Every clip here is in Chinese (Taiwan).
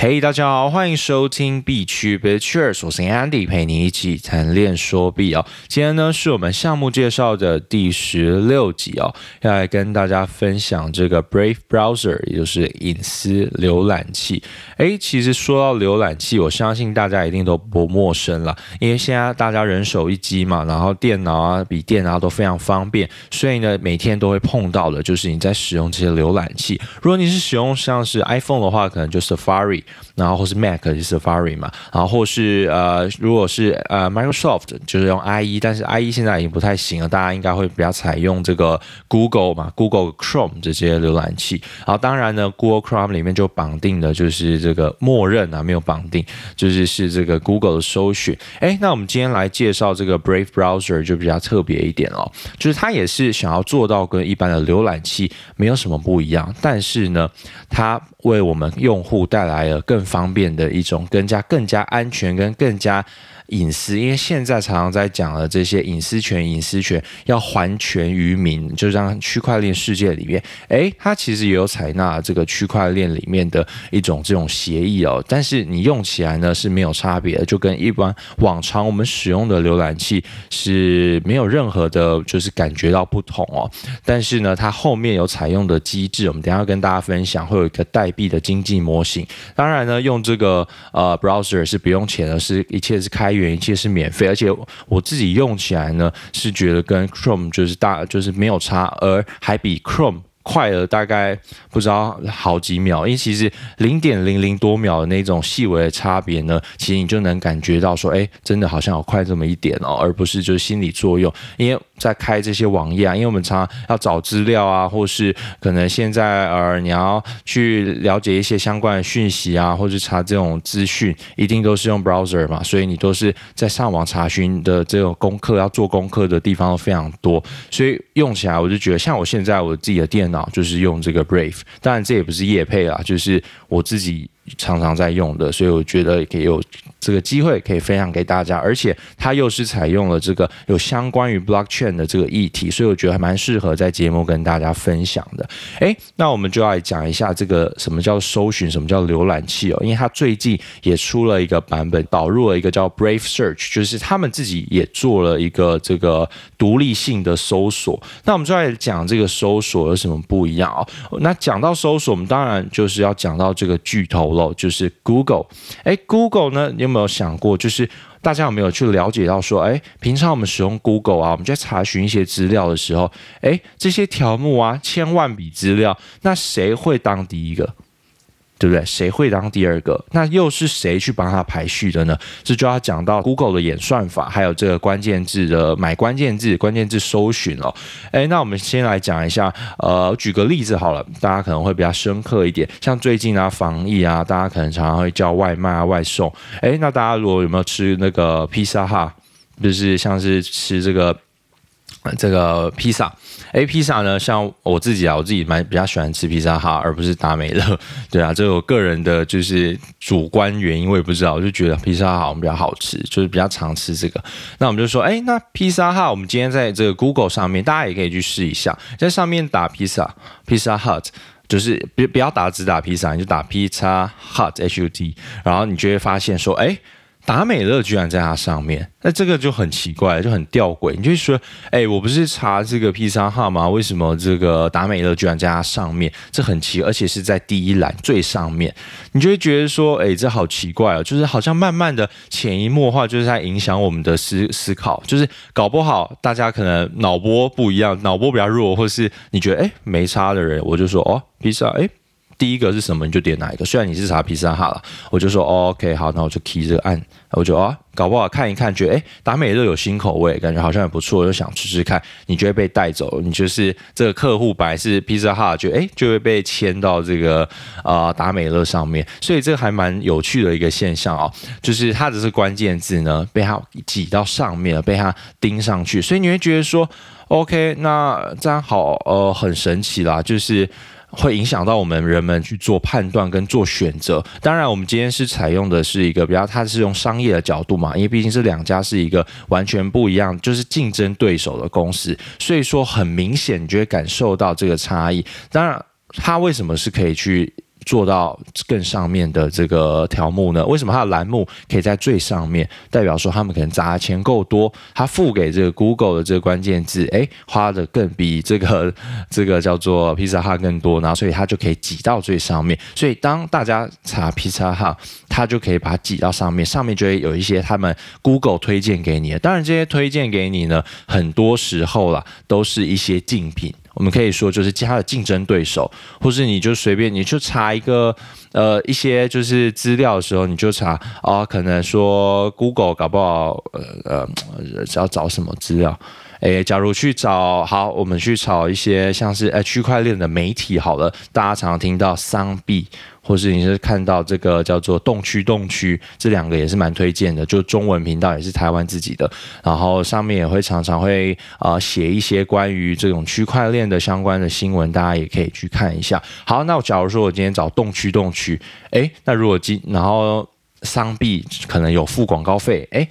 嘿、hey,，大家好，歡迎收聽 b e 幣趣，我是 Andy，陪你一起談戀說幣哦。今天呢是我們項目介紹的第十六集哦，要來跟大家分享這個 Brave Browser，也就是隱私瀏覽器。哎，其實說到瀏覽器，我相信大家一定都不陌生了，因為現在大家人手一機嘛，然後電腦啊、筆電啊都非常方便，所以呢每天都會碰到的，就是你在使用這些瀏覽器。如果你是使用像是 iPhone 的話，可能就是 Safari。然後或是 Mac 是 Safari 嘛，然後或是呃，如果是呃 Microsoft 就是用 IE，但是 IE 現在已經不太行了，大家應該會比較採用這個 Google 嘛，Google Chrome 這些瀏覽器。然後當然呢，Google Chrome 裡面就綁定的就是這個默認啊，沒有綁定，就是是這個 Google 的搜尋。誒，那我們今天來介紹這個 Brave Browser 就比較特別一點哦，就是它也是想要做到跟一般的瀏覽器沒有什麼不一樣，但是呢，它為我們用戶帶來了。更方便的一種，更加更加安全跟更加隱私，因為現在常常在講的這些隱私權、隱私權要還權於民，就像區塊鏈世界裡面，欸，它其實也有採納這個區塊鏈裡面的一種這種協議哦。但是你用起來呢是沒有差別的，就跟一般往常我們使用的瀏覽器是沒有任何的，就是感覺到不同哦。但是呢，它後面有採用的機制，我們等一下要跟大家分享會有一個代幣的經濟模型，當然呢，用這個呃 browser 是不用錢的，是一切是開源，一切是免費，而且我，我自己用起來呢，是覺得跟 Chrome 就是大，就是沒有差，而還比 Chrome。快了大概不知道好幾秒，因為其實零點零零多秒的那種細微的差別呢，其實你就能感覺到說，哎、欸，真的好像有快這麼一點哦、喔，而不是就是心理作用。因為在開這些網頁啊，因為我們常常要找資料啊，或是可能現在呃你要去了解一些相關的訊息啊，或是查這種資訊，一定都是用 browser 嘛，所以你都是在上網查詢的這種功課，要做功課的地方都非常多，所以用起來我就覺得，像我現在我自己的電腦。啊，就是用這個 Brave，當然這也不是業配啦，就是我自己。常常在用的，所以我覺得也可以有這個機會可以分享給大家，而且它又是採用了這個有相關於 blockchain 的這個議題，所以我覺得還蠻適合在節目跟大家分享的。誒，那我們就要來講一下這個什麼叫搜尋，什麼叫瀏覽器哦，因為它最近也出了一個版本，導入了一個叫 Brave Search，就是他們自己也做了一個這個獨立性的搜索。那我們就要講這個搜索有什麼不一樣哦？那講到搜索，我們當然就是要講到這個巨頭。就是 Google，哎，Google 呢，你有沒有想過，就是大家有沒有去了解到說，哎，平常我們使用 Google 啊，我們在查詢一些資料的時候，哎，這些條目啊，千萬筆資料，那誰會當第一個？對不對？誰會當第二個？那又是誰去幫他排序的呢？這就要講到 Google 的演算法，還有這個關鍵字的買關鍵字、關鍵字搜尋了。誒，那我們先來講一下，呃，舉個例子好了，大家可能會比較深刻一點。像最近啊防疫啊，大家可能常常會叫外賣啊外送。誒，那大家如果有沒有吃那個披薩哈？就是像是吃這個。這個披薩，哎，披薩呢？像我自己啊，我自己蠻比較喜歡吃披薩哈，而不是達美樂。對啊，這我個人的就是主觀原因，我也不知道。我就覺得披薩好像比較好吃，就是比較常吃這個。那我們就說，誒，那披薩哈，我們今天在這個 Google 上面，大家也可以去試一下，在上面打披薩，披薩 hut，就是不不要打只打披薩，你就打披薩 hut，h u t，然後你就會發現說，誒。達美樂居然在它上面，那這個就很奇怪，就很吊詭。你就說，哎、欸，我不是查這個 Pizza Hut 嗎？為什麼這個達美樂居然在它上面？這很奇，而且是在第一欄最上面。你就會覺得說，哎、欸，這好奇怪哦，就是好像慢慢的潛移默化，就是在影響我們的思思考。就是搞不好大家可能腦波不一樣，腦波比較弱，或是你覺得哎、欸、沒差的人，我就說哦，披薩哎。欸第一個是什麼你就點哪一個，雖然你是查披薩哈了，我就說、哦、OK 好，那我就 key 這個按，我就啊、哦、搞不好看一看，覺得誒，達、欸、美樂有新口味，感覺好像也不錯，就想吃吃看。你就會被帶走，你就是這個客戶本來是披薩哈，覺得、欸、就會被牽到這個啊達、呃、美樂上面，所以這個還蠻有趣的一個現象哦，就是它只是關鍵字呢被它擠到上面了，被它盯上去，所以你會覺得說 OK 那這樣好呃很神奇啦，就是。會影響到我們人們去做判斷跟做選擇。當然，我們今天是採用的是一個比較，它是用商業的角度嘛，因為畢竟這兩家是一個完全不一樣，就是競爭對手的公司，所以說很明顯你就會感受到這個差異。當然，它為什麼是可以去做到更上面的這個條目呢？為什麼它的欄目可以在最上面？代表說他們可能砸錢夠多，他付給這個 Google 的這個關鍵字，誒、欸，花的更比這個這個叫做 Pizza Hut 更多，然後所以他就可以擠到最上面。所以當大家查 Pizza Hut，他就可以把它擠到上面，上面就會有一些他們 Google 推薦給你的。當然，這些推薦給你呢，很多時候啦，都是一些競品。我們可以說，就是其他的競爭對手，或是你就隨便，你去查一個，呃，一些就是資料的時候，你就查啊，可能說 Google 搞不好，呃呃，要找什麼資料。誒、欸，假如去找好，我們去找一些像是誒區塊鏈的媒體好了，大家常常聽到桑幣，或是你是看到這個叫做動區動區，這兩個也是蠻推薦的，就中文頻道也是台灣自己的，然後上面也會常常會啊寫、呃、一些關於這種區塊鏈的相關的新聞，大家也可以去看一下。好，那我假如說我今天找動區動區，哎、欸，那如果今然後桑幣可能有付廣告費，哎、欸。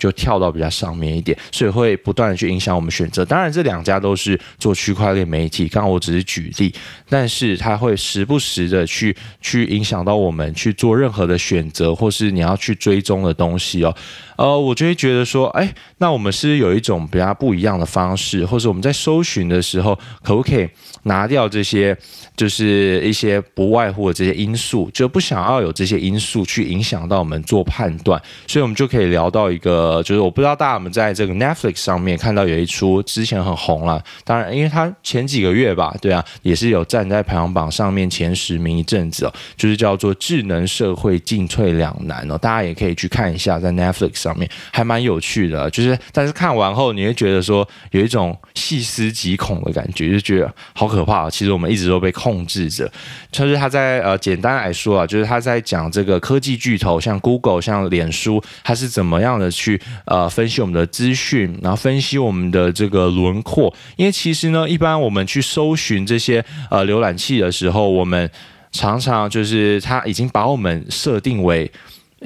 就跳到比較上面一點，所以會不斷的去影響我們選擇。當然，這兩家都是做區塊鏈媒體，剛剛我只是舉例，但是它會時不時的去去影響到我們去做任何的選擇，或是你要去追蹤的東西哦。呃，我就會覺得說，哎、欸，那我們是有一種比較不一樣的方式，或者我們在搜尋的時候，可不可以拿掉這些，就是一些不外乎的這些因素，就不想要有這些因素去影響到我們做判斷，所以我們就可以聊到一個，就是我不知道大家有沒有在這個 Netflix 上面看到有一出之前很紅了，當然，因為它前幾個月吧，對啊，也是有站在排行榜上面前十名一陣子哦，就是叫做《智能社會進退兩難》哦，大家也可以去看一下在 Netflix 上面。上面還蠻有趣的，就是，但是看完後你會覺得說有一種細思極恐的感覺，就覺得好可怕哦。其實我們一直都被控制着，就是他在呃簡單來說啊，就是他在講這個科技巨頭，像 Google、像臉書，它是怎麼樣的去呃分析我們的資訊，然後分析我們的這個輪廓。因為其實呢，一般我們去搜尋這些呃瀏覽器的時候，我們常常就是他已經把我們設定為。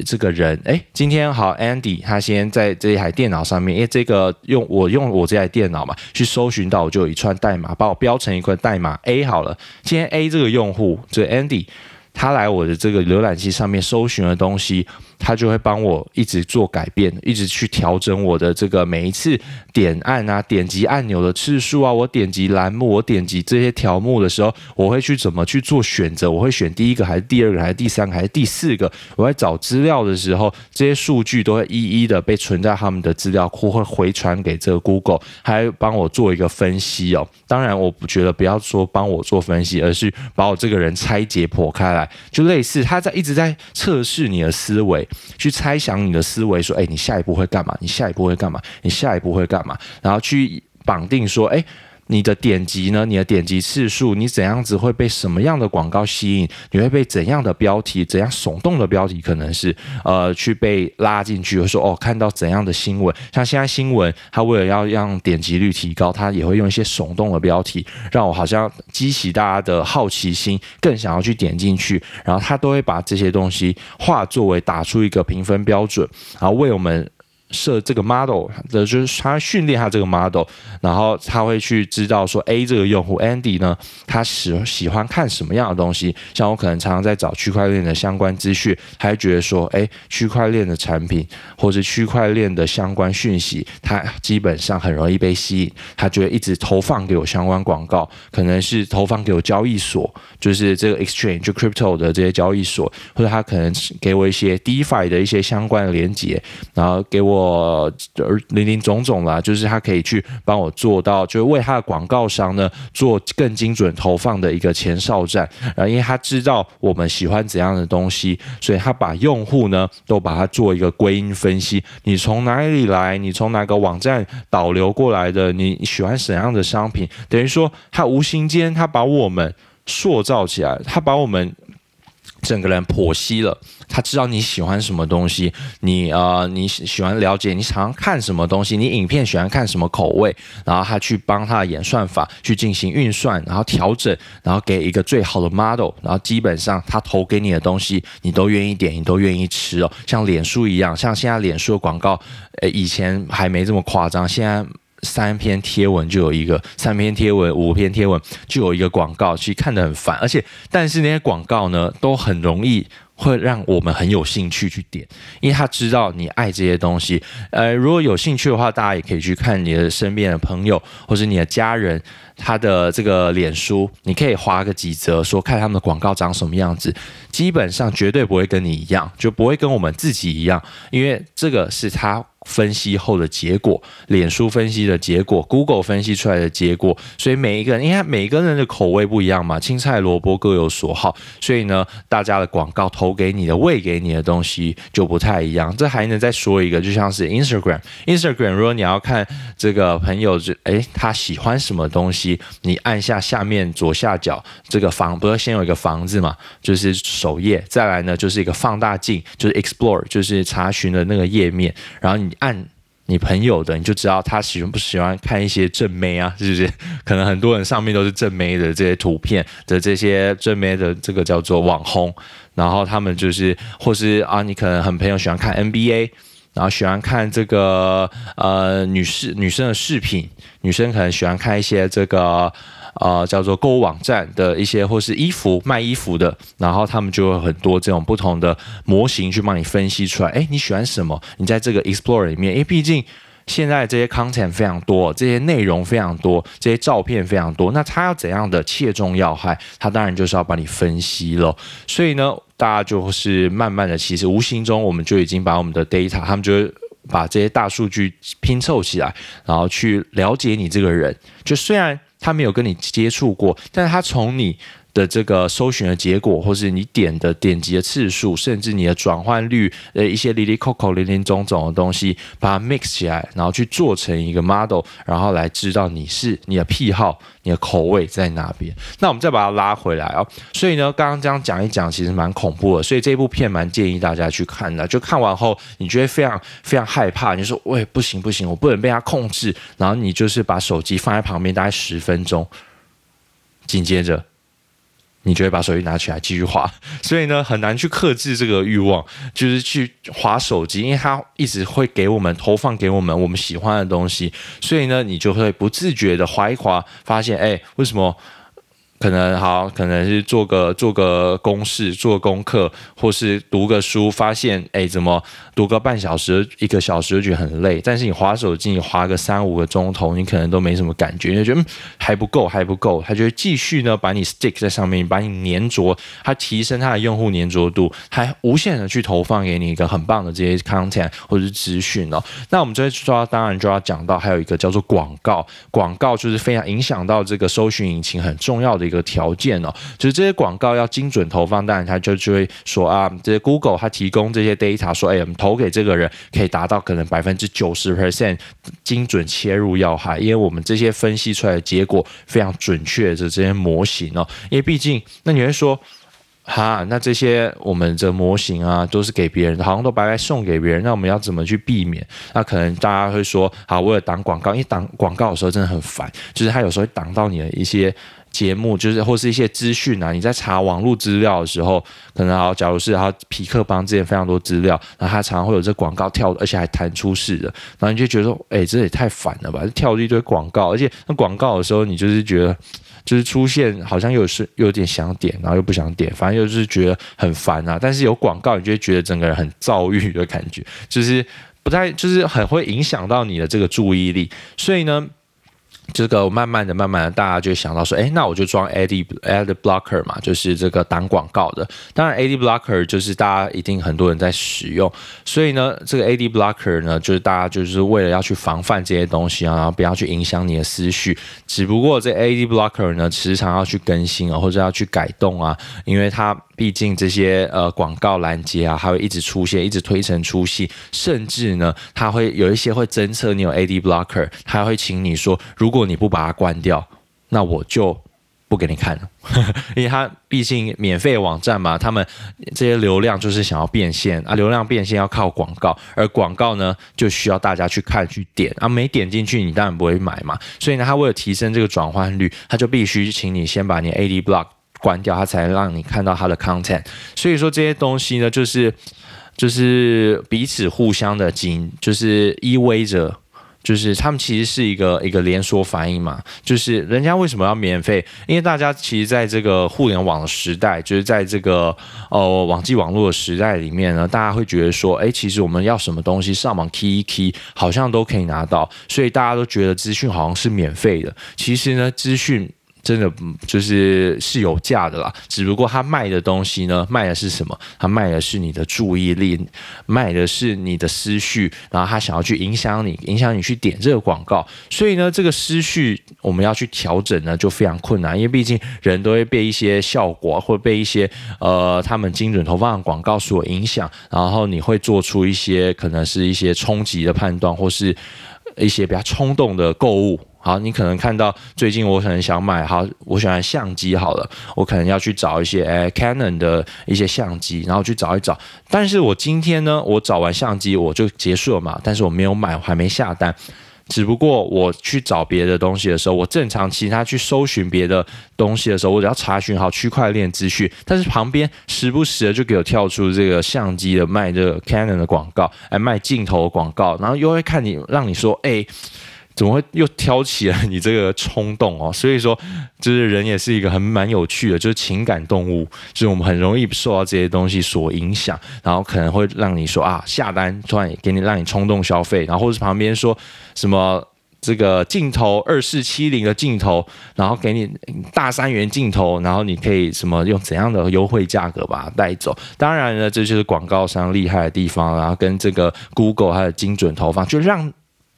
這個人，哎，今天好，Andy，他先在這一台電腦上面，因為這個用我用我這台電腦嘛，去搜尋到，我就有一串代碼，把我標成一個代碼 A 好了。今天 A 這個用戶，這個 Andy。他來我的這個瀏覽器上面搜尋的東西，他就會幫我一直做改變，一直去調整我的這個每一次點按啊、點擊按鈕的次數啊，我點擊欄目、我點擊這些條目的時候，我會去怎麼去做選擇？我會選第一個還是第二個還是第三個還是第四個？我在找資料的時候，這些數據都會一一的被存在他們的資料庫，會回傳給這個 Google，還幫我做一個分析哦。當然，我不覺得不要說幫我做分析，而是把我這個人拆解剖開來。就類似，他在一直在測試你的思維，去猜想你的思維，說：“哎、欸，你下一步會幹嘛？你下一步會幹嘛？你下一步會幹嘛？”然後去綁定說：“哎。”你的點擊呢？你的點擊次數，你怎樣子會被什麼樣的廣告吸引？你會被怎樣的標題、怎樣聳動的標題，可能是呃去被拉進去，或者說哦，看到怎樣的新聞？像現在新聞，它為了要讓點擊率提高，它也會用一些聳動的標題，讓我好像激起大家的好奇心，更想要去點進去。然後它都會把這些東西化作為打出一個評分標準，然後為我們。設這個 model 的就是他訓練他這個 model，然後他會去知道說 A 這個用戶 Andy 呢，他喜喜歡看什麼樣的東西。像我可能常常在找區塊鏈的相關資訊，他覺得說，哎，區塊鏈的產品或者是區塊鏈的相關訊息，他基本上很容易被吸引。他覺得一直投放給我相關廣告，可能是投放給我交易所，就是這個 exchange 就 crypto 的這些交易所，或者他可能給我一些 DeFi 的一些相關的連接，然後給我。我而林林總總啦，就是他可以去幫我做到，就是為他的廣告商呢做更精準投放的一個前哨站。然後，因為他知道我們喜歡怎樣的東西，所以他把用戶呢都把它做一個歸因分析：你從哪裡來？你從哪個網站導流過來的？你喜歡怎樣的商品？等於說，他無形間他把我們塑造起來，他把我們，整個人剖析了，他知道你喜歡什麼東西，你呃你喜歡了解你常常看什麼東西，你影片喜歡看什麼口味，然後他去幫他的演算法去進行運算，然後調整，然後給一個最好的 model，然後基本上他投給你的東西，你都願意點，你都願意吃哦，像臉書一樣，像現在臉書的廣告，呃，以前還沒這麼誇張，現在。三篇貼文就有一個，三篇貼文，五篇貼文就有一個廣告，其實看得很煩，而且，但是那些廣告呢，都很容易會讓我們很有興趣去點，因為他知道你愛這些東西。呃，如果有興趣的話，大家也可以去看你的身邊的朋友或者你的家人，他的這個臉書，你可以劃個幾則，說看他們的廣告長什麼樣子，基本上絕對不會跟你一樣，就不會跟我們自己一樣，因為這個是他。分析後的結果，臉書分析的結果，Google 分析出來的結果，所以每一個人，你看每一個人的口味不一樣嘛，青菜蘿蔔各有所好，所以呢，大家的廣告投給你的，餵給你的東西就不太一樣。這還能再說一個，就像是 Instagram，Instagram Instagram, 如果你要看這個朋友，就誒他喜歡什麼東西，你按下下面左下角這個房，不是先有一個房子嘛，就是首頁，再來呢就是一個放大鏡，就是 Explore，就是查詢的那個頁面，然後你。按你朋友的，你就知道他喜歡不喜歡看一些正妹啊，是不是？可能很多人上面都是正妹的這些圖片的這些正妹的這個叫做網紅，然後他們就是或是啊，你可能很朋友喜歡看 NBA，然後喜歡看這個呃女士女生的視頻，女生可能喜歡看一些這個。啊、呃，叫做購物網站的一些，或是衣服賣衣服的，然後他們就有很多這種不同的模型去幫你分析出來。哎，你喜歡什麼？你在這個 Explore 裡面，因為畢竟現在這些 Content 非常多，這些內容非常多，這些照片非常多。那他要怎樣的切中要害？他當然就是要幫你分析嘍。所以呢，大家就是慢慢的，其實無形中我們就已經把我們的 Data，他們就把這些大數據拼湊起來，然後去了解你這個人。就雖然。他沒有跟你接觸過，但是他從你的這個搜尋的結果，或是你點的點擊的次數，甚至你的轉換率，呃，一些哩哩扣扣、零零總總的東西，把它 mix 起來，然後去做成一個 model，然後來知道你是你的癖好、你的口味在哪邊。那我們再把它拉回來哦。所以呢，剛剛這樣講一講，其實蠻恐怖的。所以這部片蠻建議大家去看的。就看完後，你覺得非常非常害怕，你就說：“喂，不行不行，我不能被他控制。”然後你就是把手機放在旁邊，大概十分鐘，緊接着。你就會把手機拿起來繼續滑，所以呢，很難去克制這個慾望，就是去滑手機，因為它一直會給我們投放給我們我們喜歡的東西，所以呢，你就會不自覺的滑一滑，發現哎、欸、為什麼？可能好，可能是做個做個公式、做功課，或是讀個書，發現哎，怎麼讀個半小時、一個小時就覺得很累？但是你滑手機，你滑個三五個鐘頭，你可能都沒什麼感覺，你就覺得、嗯、還不夠，還不夠。他就會繼續呢，把你 stick 在上面，把你粘着，他提升他的用戶粘着度，還無限的去投放給你一個很棒的這些 content 或者是資訊哦。那我們這次說當然就要講到還有一個叫做廣告，廣告就是非常影響到這個搜尋引擎很重要的一個。的條件哦，就是這些廣告要精準投放，當然他就就會說啊，這些 Google 它提供這些 data 說，哎，我們投給這個人可以達到可能百分之九十 percent 精準切入要害，因為我們這些分析出來的結果非常準確，的是這些模型哦，因為畢竟那你會說，哈，那這些我們的模型啊都是給別人，好像都白白送給別人，那我們要怎麼去避免？那可能大家會說，好，為了擋廣告，一擋廣告的時候真的很煩，就是他有時候會擋到你的一些。節目就是或是一些資訊啊，你在查網絡資料的時候，可能啊，假如是啊，皮克邦之前非常多資料，那他常常會有這廣告跳，而且還彈出式的，然後你就覺得說，哎、欸，這也太煩了吧，跳一堆廣告，而且那廣告的時候，你就是覺得就是出現好像又是有點想點，然後又不想點，反正又就是覺得很煩啊。但是有廣告，你就會覺得整個人很躁鬱的感覺，就是不太，就是很會影響到你的這個注意力，所以呢。這個慢慢的、慢慢的，大家就會想到說，哎，那我就裝 ad ad blocker 嘛，就是這個擋廣告的。當然，ad blocker 就是大家一定很多人在使用，所以呢，這個 ad blocker 呢，就是大家就是為了要去防範這些東西啊，然後不要去影響你的思緒。只不過這 ad blocker 呢，時常要去更新啊，或者要去改動啊，因為它。畢竟這些呃廣告攔截啊，還會一直出現，一直推陳出新，甚至呢，它會有一些會偵測你有 AD blocker，它會請你說，如果你不把它關掉，那我就不給你看了， 因為它畢竟免費的網站嘛，他們這些流量就是想要變現啊，流量變現要靠廣告，而廣告呢就需要大家去看去點啊，沒點進去你當然不會買嘛，所以呢，它為了提升這個轉換率，它就必須請你先把你 AD block。關掉它，才能讓你看到它的 content。所以說，這些東西呢，就是就是彼此互相的，經就是依偎着，就是他們其實是一個一個連鎖反應嘛。就是人家為什麼要免費？因為大家其實在這個互聯網的時代，就是在這個呃網際網絡的時代裡面呢，大家會覺得說，哎、欸，其實我們要什麼東西，上網 key 一 key 好像都可以拿到，所以大家都覺得資訊好像是免費的。其實呢，資訊。真的，嗯，就是是有價的啦。只不過他賣的東西呢，賣的是什麼？他賣的是你的注意力，賣的是你的思緒，然後他想要去影響你，影響你去點這個廣告。所以呢，這個思緒我們要去調整呢，就非常困難，因為畢竟人都會被一些效果，或被一些，呃，他們精準投放的廣告所影響，然後你會做出一些可能是一些衝擊的判斷，或是。一些比較衝動的購物，好，你可能看到最近我可能想買，好，我喜歡相機好了，我可能要去找一些，欸、Canon 的一些相機，然後去找一找。但是我今天呢，我找完相機我就結束了嘛，但是我沒有買，我還沒下單。只不過我去找別的東西的時候，我正常其他去搜尋別的東西的時候，我只要查詢好區塊鏈資訊。但是旁邊時不時的就給我跳出這個相機的賣這個 Canon 的廣告，哎，賣鏡頭的廣告，然後又會看你讓你說，誒、欸。怎麼會又挑起了你這個衝動哦？所以說，就是人也是一個很蠻有趣的，就是情感動物，就是我們很容易受到這些東西所影響，然後可能會讓你說啊下單，突然給你讓你衝動消費，然後或者是旁邊說什麼這個鏡頭二四七零的鏡頭，然後給你大三元鏡頭，然後你可以什麼用怎樣的優惠價格把它帶走？當然呢，這就是廣告商厲害的地方，然後跟這個 Google 還有精準投放，就讓。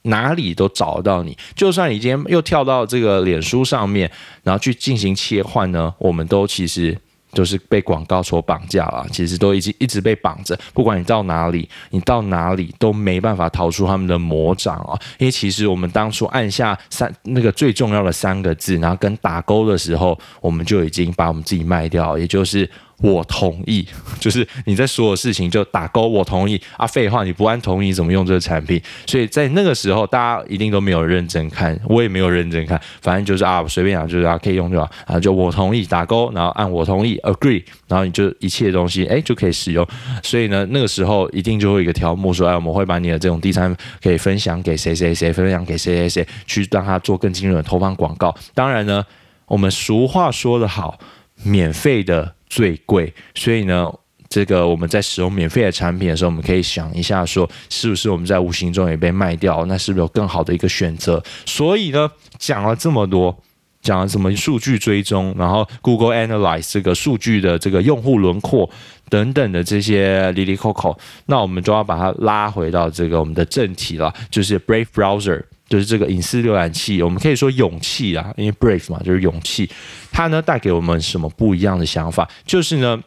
哪裡都找得到你，就算你今天又跳到這個臉書上面，然後去進行切換呢？我們都其實都是被廣告所綁架了，其實都已經一直被綁着，不管你到哪裡，你到哪裡都沒辦法逃出他們的魔掌啊！因為其實我們當初按下三那個最重要的三個字，然後跟打勾的時候，我們就已經把我們自己賣掉，也就是。我同意，就是你在說的事情就打勾，我同意啊。廢話，你不按同意怎麼用這個產品？所以在那個時候，大家一定都沒有認真看，我也沒有認真看，反正就是啊，隨便講就是啊，可以用就好啊。就我同意打勾，然後按我同意 agree，然後你就一切東西誒、哎、就可以使用。所以呢，那個時候一定就會有一個條目說，哎，我們會把你的這種第三可以分享給誰誰誰誰，分享給誰誰誰去讓他做更精準的投放廣告。當然呢，我們俗話說得好。免費的最貴，所以呢，這個我們在使用免費的產品的時候，我們可以想一下，說是不是我們在無形中也被賣掉？那是不是有更好的一個選擇？所以呢，講了這麼多，講了什麼數據追蹤，然後 Google Analyze 這個數據的這個用戶輪廓等等的這些哩哩扣扣。那我們就要把它拉回到這個我們的正題了，就是 Brave Browser。就是這個隱私瀏覽器，我們可以說勇氣啊，因為 Brave 嘛，就是勇氣。它呢帶給我們什麼不一樣的想法？就是呢，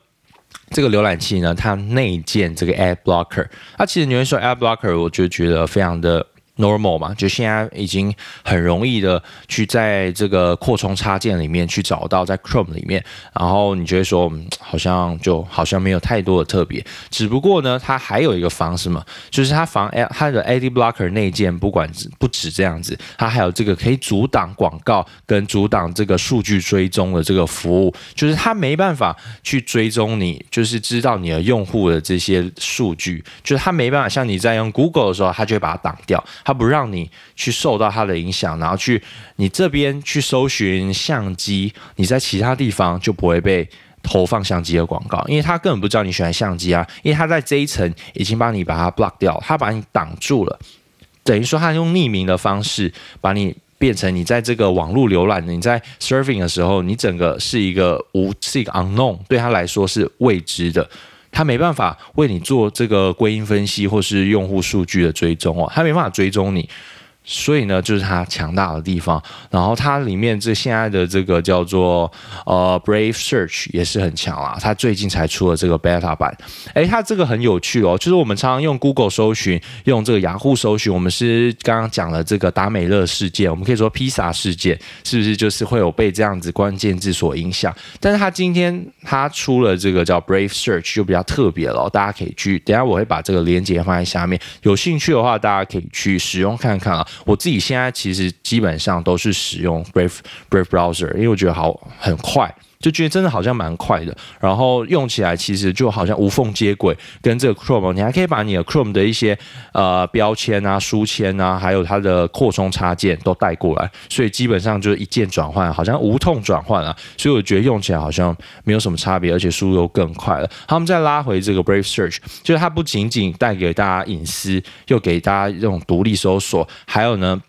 這個瀏覽器呢，它內建這個 ad blocker。啊，其實你會說 ad blocker，我就覺得非常的。normal 嘛，就現在已經很容易的去在這個擴充插件裡面去找到，在 Chrome 裡面，然後你就會說，嗯，好像就好像沒有太多的特別，只不過呢，它還有一個方式嘛，就是它防它的 Ad Blocker 內建不，不管不不止這樣子，它還有這個可以阻擋廣告跟阻擋這個數據追蹤的這個服務，就是它沒辦法去追蹤你，就是知道你的用戶的這些數據，就是它沒辦法像你在用 Google 的時候，它就會把它擋掉。他不讓你去受到他的影響，然後去你這邊去搜尋相機，你在其他地方就不會被投放相機的廣告，因為他根本不知道你喜歡相機啊，因為他在這一層已經幫你把它 block 掉了，他把你擋住了，等於說他用匿名的方式把你變成你在這個網絡瀏覽、你在 surfing 的時候，你整個是一個無是一個 unknown，對他來說是未知的。他沒辦法為你做這個歸因分析，或是用戶數據的追蹤哦，他沒辦法追蹤你。所以呢，就是它強大的地方。然後它裡面這現在的這個叫做呃 Brave Search 也是很強啊。它最近才出了這個 Beta 版。哎、欸，它這個很有趣哦。就是我們常常用 Google 搜尋，用這個 Yahoo 搜尋，我們是剛剛講了這個達美樂事件。我們可以說披薩事件是不是就是會有被這樣子關鍵字所影響？但是它今天它出了這個叫 Brave Search 就比較特別了，哦。大家可以去，等一下我會把這個鏈接放在下面。有興趣的話，大家可以去使用看看啊。我自己現在其實基本上都是使用 Brave Brave Browser，因為我覺得好，很快。就覺得真的好像蠻快的，然後用起來其實就好像無縫接軌跟這個 Chrome，你還可以把你的 Chrome 的一些呃標籤啊、書籤啊，還有它的擴充插件都帶過來，所以基本上就是一鍵轉換，好像無痛轉換啊。所以我覺得用起來好像沒有什麼差別，而且速度又更快了。好，我們再拉回這個 Brave Search，就是它不僅僅帶給大家隱私，又給大家這種獨立搜索，還有呢，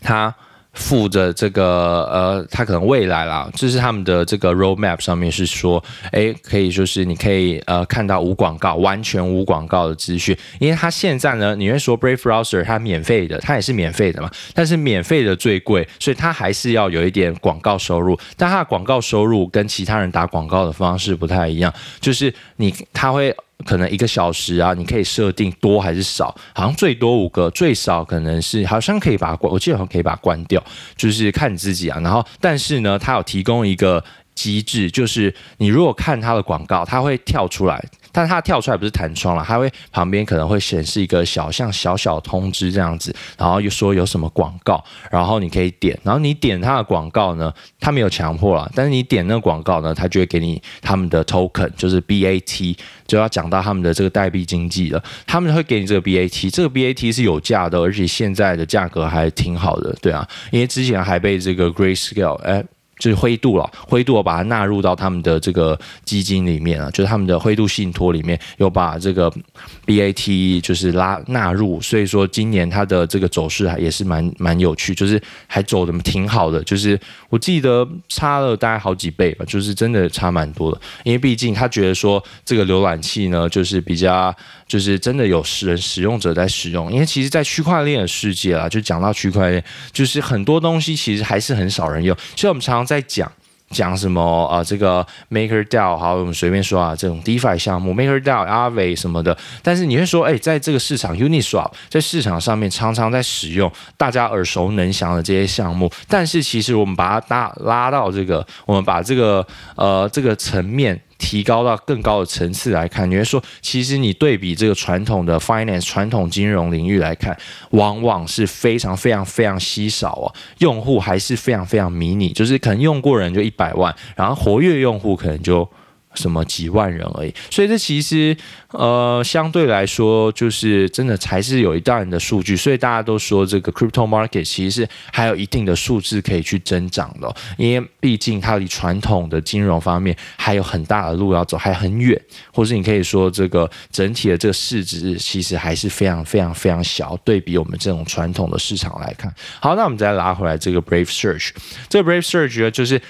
它。附着這個呃，他可能未來啦，這、就是他們的這個 roadmap 上面是說，哎、欸，可以就是你可以呃看到無廣告、完全無廣告的資訊，因為他現在呢，你會說 Brave Browser 它免費的，它也是免費的嘛，但是免費的最貴，所以它還是要有一點廣告收入，但它的廣告收入跟其他人打廣告的方式不太一樣，就是你他會。可能一個小時啊，你可以設定多還是少，好像最多五個，最少可能是好像可以把它關，我記得好像可以把它關掉，就是看你自己啊。然後，但是呢，它有提供一個機制，就是你如果看它的廣告，它會跳出來。但是它跳出來不是彈窗了，它會旁邊可能會顯示一個小像小小通知這樣子，然後又說有什麼廣告，然後你可以點，然後你點它的廣告呢，它沒有強迫啦，但是你點那個廣告呢，它就會給你他們的 token，就是 BAT，就要講到他們的這個代幣經濟了，他們會給你這個 BAT，這個 BAT 是有價的，而且現在的價格還挺好的，對啊，因為之前還被這個 Grayscale，欸就是灰度了，灰度我把它納入到他們的這個基金裡面啊。就是他們的灰度信托裡面又把這個 BAT 就是拉納入，所以說今年它的這個走勢也是蠻蠻有趣，就是還走得挺好的，就是我記得差了大概好幾倍吧，就是真的差蠻多的，因為畢竟他覺得說這個瀏覽器呢就是比較。就是真的有實人使用者在使用，因為其實，在區塊鏈的世界啊，就講到區塊鏈，就是很多東西其實還是很少人用。所以，我們常常在講講什麼啊、呃，這個 MakerDAO，好，我們隨便說啊，這種 DeFi 項目 MakerDAO、Aave 什麼的。但是，你會說，哎、欸，在這個市場 Uniswap 在市場上面常常在使用大家耳熟能詳的這些項目，但是其實我們把它拉拉到這個，我們把這個呃這個層面。提高到更高的層次來看，你會說，其實你對比這個傳統的 finance，傳統金融領域來看，往往是非常非常非常稀少哦、啊，用戶還是非常非常迷你，就是可能用過人就一百萬，然後活躍用戶可能就。什麼幾萬人而已，所以這其實呃相對來說就是真的才是有一段的數據，所以大家都說這個 crypto market 其實是還有一定的數字可以去增長的，因為畢竟它離傳統的金融方面還有很大的路要走，還很遠，或是你可以說這個整體的這個市值其實還是非常非常非常小，對比我們這種傳統的市場來看。好，那我們再拉回來這個 Brave Search，這個 Brave Search 呢，就是。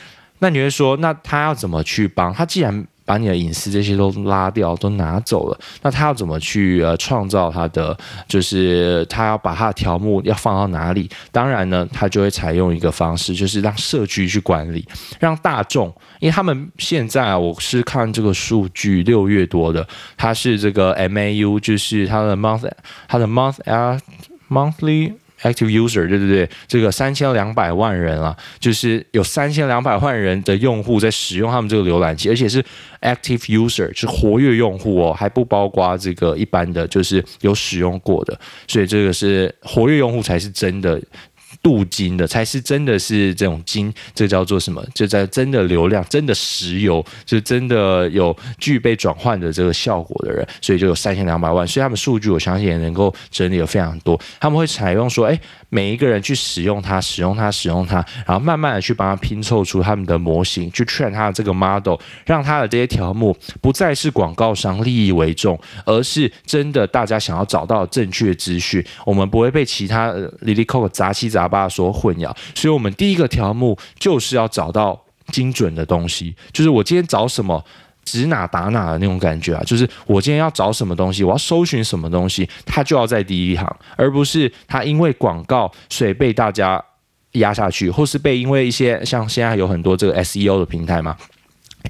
那你會說，那他要怎麼去幫他？既然把你的隱私這些都拉掉，都拿走了，那他要怎麼去呃創造他的？就是他要把他的條目要放到哪裡？當然呢，他就會採用一個方式，就是讓社區去管理，讓大眾。因為他們現在啊，我是看這個數據，六月多的，他是這個 MAU，就是他的 month，他的 month 啊，monthly。Active user，對不對？這個三千兩百萬人啊，就是有三千兩百萬人的用戶在使用他們這個瀏覽器，而且是 Active user，是活躍用戶哦，還不包括這個一般的，就是有使用過的，所以這個是活躍用戶才是真的。鍍金的才是真的是這種金，這個、叫做什麼？就在真的流量，真的石油，就真的有具備轉換的這個效果的人，所以就有三千兩百萬。所以他們數據，我相信也能夠整理了非常多。他們會採用說，哎、欸，每一個人去使用它，使用它，使用它，然後慢慢的去幫他拼湊出他們的模型，去 train 他的這個 model，讓他的這些條目不再是廣告商利益為重，而是真的大家想要找到正確的資訊。我們不會被其他利利扣扣雜七雜八。大家說混淆，所以我們第一個條目就是要找到精準的東西，就是我今天找什麼，指哪打哪的那種感覺啊，就是我今天要找什麼東西，我要搜尋什麼東西，它就要在第一行，而不是它因為廣告所以被大家壓下去，或是被因為一些像現在有很多這個 SEO 的平台嘛。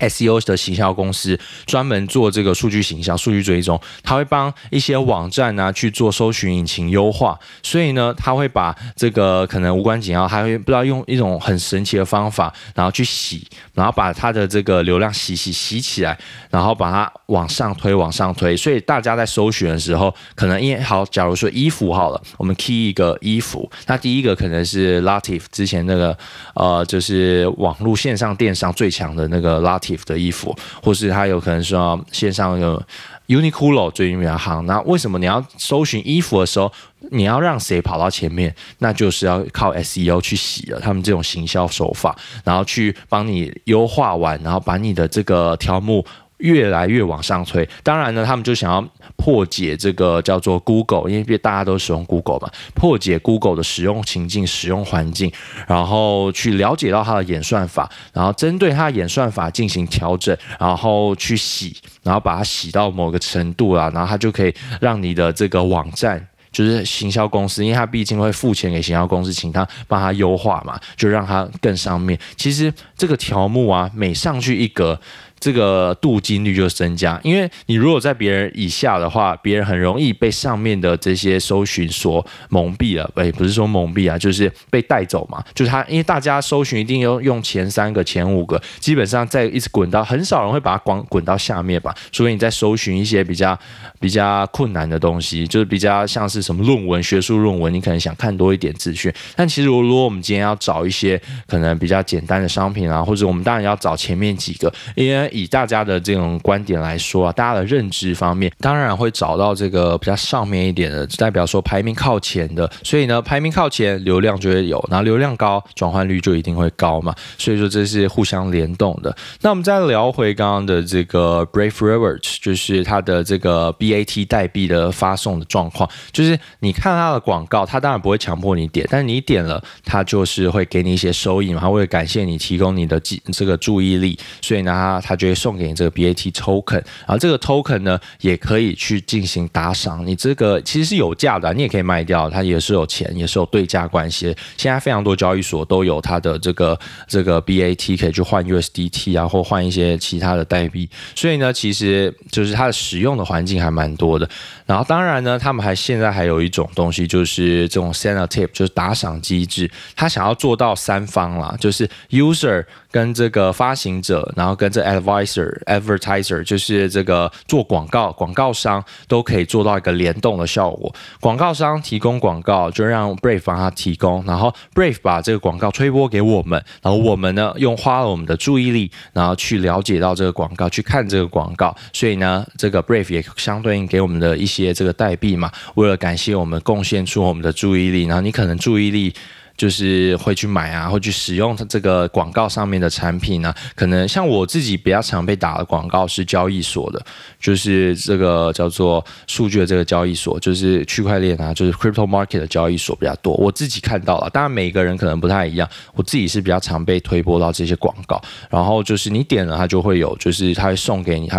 SEO 的行銷公司專門做這個數據行銷，數據追蹤，他會幫一些網站呢、啊、去做搜尋引擎優化。所以呢，他會把這個可能無關緊要，他會不知道用一種很神奇的方法，然後去洗，然後把他的這個流量洗洗洗起來，然後把它往上推、往上推。所以大家在搜尋的時候，可能因為好，假如說衣服好了，我們 key 一個衣服，那第一個可能是 Lativ 之前那個呃，就是網絡線上電商最強的那個拉，的衣服，或是他有可能說線上有 Uniqlo 最近比較夯。那為什麼你要搜尋衣服的時候，你要讓誰跑到前面？那就是要靠 SEO 去洗了。他們這種行銷手法，然後去幫你優化完，然後把你的這個條目越來越往上推。當然呢，他們就想要。破解這個叫做 Google，因為大家都使用 Google 嘛，破解 Google 的使用情境、使用環境，然後去了解到它的演算法，然後針對它的演算法進行調整，然後去洗，然後把它洗到某個程度啊。然後它就可以讓你的這個網站，就是行銷公司，因為它畢竟會付錢給行銷公司，請它幫它優化嘛，就讓它更上面。其實這個條目啊，每上去一格。這個鍍金率就增加，因為你如果在別人以下的話，別人很容易被上面的這些搜尋所蒙蔽了，不、哎、不是說蒙蔽啊，就是被帶走嘛。就是他，因為大家搜尋一定要用前三個、前五個，基本上在一直滾到很少人會把它滾滾到下面吧。所以你在搜尋一些比較比較困難的東西，就是比較像是什麼論文、學術論文，你可能想看多一點資訊。但其實，如果我們今天要找一些可能比較簡單的商品啊，或者我們當然要找前面幾個，因為。以大家的這種觀點來說啊，大家的認知方面，當然會找到這個比較上面一點的，代表說排名靠前的。所以呢，排名靠前，流量就會有，然後流量高，轉換率就一定會高嘛。所以說，這是互相聯動的。那我們再聊回剛剛的這個 Brave Rewards，就是它的這個 BAT 代幣的發送的狀況。就是你看它的廣告，它當然不會強迫你點，但是你點了，它就是會給你一些收益嘛，它會感謝你提供你的記、這個注意力。所以呢，它它。就會送給你這個 BAT token，然後這個 token 呢，也可以去進行打賞。你這個其實是有價的啊，你也可以賣掉，它也是有錢，也是有對價關係。現在非常多交易所都有它的這個這個 BAT 可以去換 USDT 啊，或換一些其他的代幣。所以呢，其實就是它的使用的環境還蠻多的。然後當然呢，他們還現在還有一種東西，就是這種 Send a Tip，就是打賞機制。他想要做到三方啦，就是 user。跟這個發行者，然後跟這 advisor advertiser，就是這個做廣告廣告商，都可以做到一個聯動的效果。廣告商提供廣告，就讓 Brave 幫他提供，然後 Brave 把這個廣告推播給我們，然後我們呢用花了我們的注意力，然後去了解到這個廣告，去看這個廣告，所以呢，這個 Brave 也相對應給我們的一些這個代幣嘛，為了感謝我們貢獻出我們的注意力，然後你可能注意力。就是會去買啊，會去使用它這個廣告上面的產品呢、啊。可能像我自己比較常被打的廣告是交易所的，就是這個叫做數據的這個交易所，就是區塊鏈啊，就是 crypto market 的交易所比較多。我自己看到了，當然每個人可能不太一樣。我自己是比較常被推播到這些廣告，然後就是你點了，它就會有，就是它會送給你，它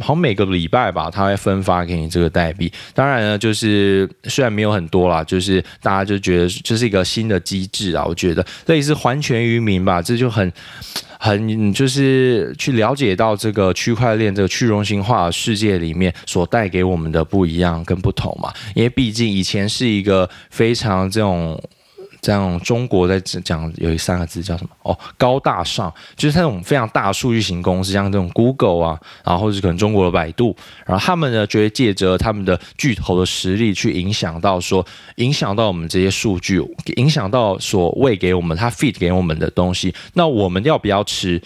好像每個禮拜吧，它會分發給你這個代幣。當然呢，就是雖然沒有很多啦，就是大家就覺得這是一個新的。的機制啊，我覺得類似還權於民吧，這就很、很就是去了解到這個區塊鏈這個去中心化世界裡面所帶給我們的不一樣跟不同嘛，因為畢竟以前是一個非常這種。這樣，中國在講有一三個字叫什麼？哦，高大上，就是那種非常大數據型公司，像這種 Google 啊，然後是可能中國的百度，然後他們呢，就會借着他們的巨頭的實力去影響到說，影響到我們這些數據，影響到所謂給我們他 feed 給我們的東西，那我們要不要吃？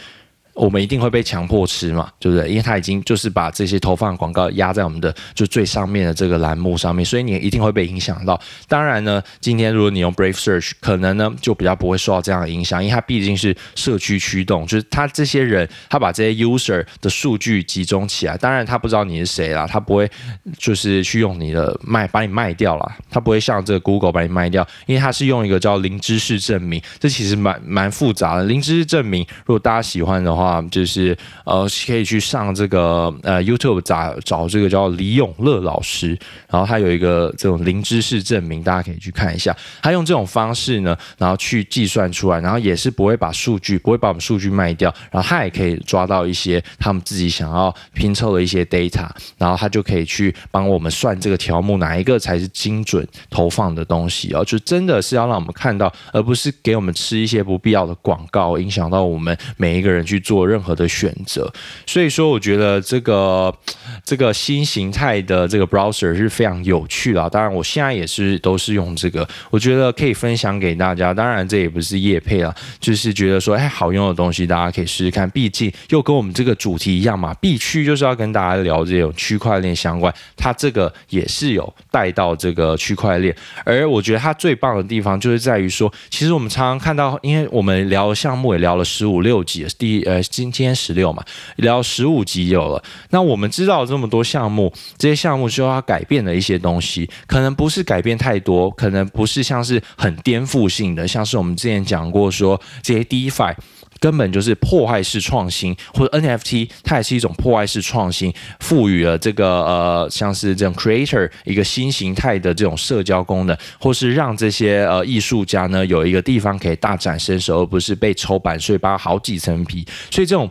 我們一定會被強迫吃嘛，對不對？因為它已經就是把這些投放廣告壓在我們的就最上面的這個欄目上面，所以你一定會被影響到。當然呢，今天如果你用 Brave Search，可能呢就比較不會受到這樣的影響，因為它畢竟是社區驅動，就是他這些人他把這些 user 的數據集中起來，當然他不知道你是誰啦，他不會就是去用你的賣把你賣掉啦，他不會像這個 Google 把你賣掉，因為他是用一個叫零知識證明，這其實蠻蠻複雜的。零知識證明，如果大家喜歡的話。啊，就是呃，可以去上這個呃 YouTube 找找這個叫李永樂老師，然後他有一個這種零知識證明，大家可以去看一下。他用這種方式呢，然後去計算出來，然後也是不會把數據，不會把我們數據賣掉，然後他也可以抓到一些他們自己想要拼湊的一些 data，然後他就可以去幫我們算這個條目，哪一個才是精準投放的東西哦，然後就真的是要讓我們看到，而不是給我們吃一些不必要的廣告，影響到我們每一個人去做過任何的選擇，所以說，我覺得這個。這個新形態的這個 browser 是非常有趣的，啊，當然我現在也是都是用這個，我覺得可以分享給大家。當然這也不是業配了，就是覺得說，哎，好用的東西大家可以試試看，畢竟又跟我們這個主題一樣嘛，必須就是要跟大家聊這種區塊鏈相關。它這個也是有帶到這個區塊鏈，而我覺得它最棒的地方就是在於說，其實我們常常看到，因為我們聊的項目也聊了十五六集，第呃今今天十六嘛，聊十五集有了，那我們知道這。這麼多項目，這些項目就要改變的一些東西，可能不是改變太多，可能不是像是很顛覆性的，像是我們之前講過說，這些 DeFi 根本就是破壞式創新，或者 NFT 它也是一種破壞式創新，賦予了這個呃，像是這種 Creator 一個新形態的這種社交功能，或是讓這些呃藝術家呢有一個地方可以大展身手，而不是被抽版稅扒好幾層皮，所以這種。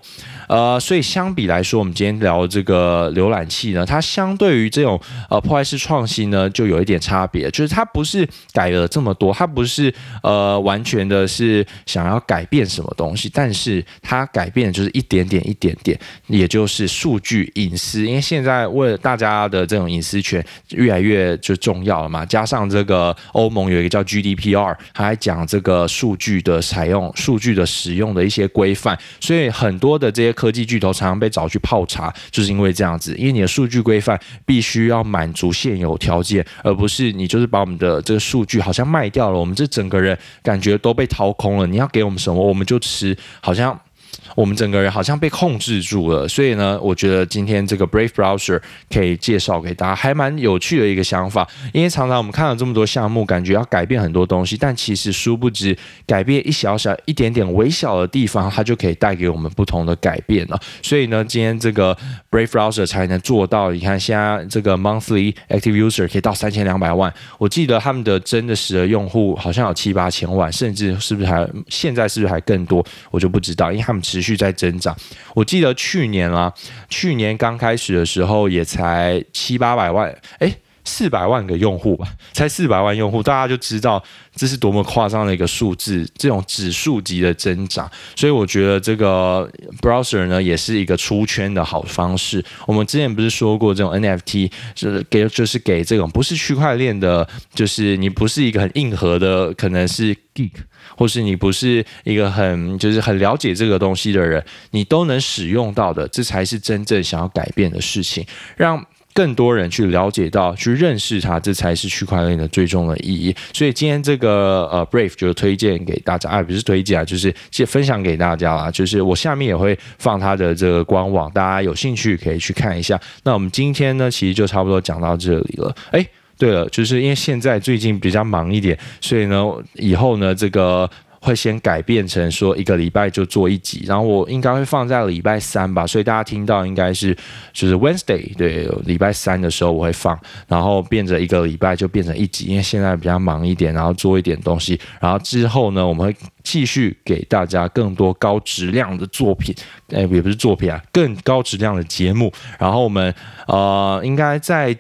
呃，所以相比來說，我們今天聊這個瀏覽器呢，它相對於這種呃破壞式創新呢，就有一點差別，就是它不是改了這麼多，它不是呃完全的是想要改變什麼東西，但是它改變的就是一點點一點點，也就是數據隱私，因為現在為了大家的這種隱私權越來越就重要了嘛，加上這個歐盟有一個叫 GDPR，它還講這個數據的採用、數據的使用的一些規範，所以很多的這些。科技巨頭常常被找去泡茶，就是因為這樣子。因為你的數據規範必須要滿足現有條件，而不是你就是把我們的這個數據好像賣掉了。我們這整個人感覺都被掏空了。你要給我們什麼，我們就吃，好像。我們整個人好像被控制住了，所以呢，我覺得今天這個 Brave Browser 可以介紹給大家，還蠻有趣的一個想法。因為常常我們看了這麼多項目，感覺要改變很多東西，但其實殊不知，改變一小小一點點微小的地方，它就可以帶給我們不同的改變了。所以呢，今天這個 Brave Browser 才能做到。你看，現在這個 Monthly Active User 可以到三千兩百萬，我記得他們的真的實的用戶好像有七八千萬，甚至是不是還現在是不是還更多，我就不知道，因為他們其持續在增長。我記得去年啊，去年剛開始的時候也才七八百萬，誒？四百萬個用戶吧，才四百萬用戶，大家就知道這是多麼誇張的一個數字，這種指數級的增長。所以我覺得這個 browser 呢，也是一個出圈的好方式。我們之前不是說過，這種 NFT 就是給，就是給這種不是區塊鏈的，就是你不是一個很硬核的，可能是 geek，或是你不是一個很就是很了解這個東西的人，你都能使用到的，這才是真正想要改變的事情，讓。更多人去了解到、去認識它，這才是區塊鏈的最終的意義。所以今天這個呃，Brave 就推薦給大家，哎、啊，不是推薦啊，就是先分享給大家了。就是我下面也會放它的這個官網，大家有興趣可以去看一下。那我們今天呢，其實就差不多講到這裡了。誒，對了，就是因為現在最近比較忙一點，所以呢，以後呢，這個。會先改變成說一個禮拜就做一集，然後我應該會放在禮拜三吧，所以大家聽到應該是就是 Wednesday，對，禮拜三的時候我會放，然後變成一個禮拜就變成一集，因為現在比較忙一點，然後做一點東西，然後之後呢，我們會繼續給大家更多高質量的作品，哎，也不是作品啊，更高質量的節目，然後我們呃應該在。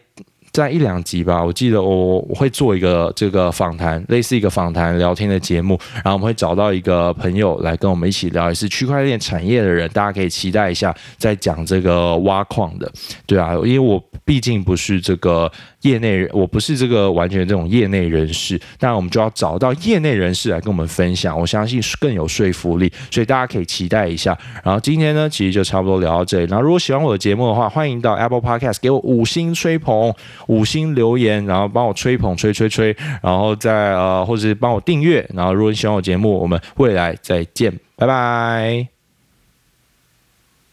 在一兩集吧，我記得我我會做一個這個訪談，類似一個訪談聊天的節目，然後我們會找到一個朋友來跟我們一起聊，也是區塊鏈產業的人，大家可以期待一下，在講這個挖礦的，對啊，因為我畢竟不是這個。業內人，我不是這個完全這種業內人士，但我們就要找到業內人士來跟我們分享，我相信更有說服力，所以大家可以期待一下。然後今天呢，其實就差不多聊到這裡。然後如果喜歡我的節目的話，歡迎到 Apple Podcast 給我五星吹捧，五星留言，然後幫我吹捧吹吹吹，然後再呃，或者是幫我訂閱。然後如果你喜歡我的節目，我們未來再見，拜拜。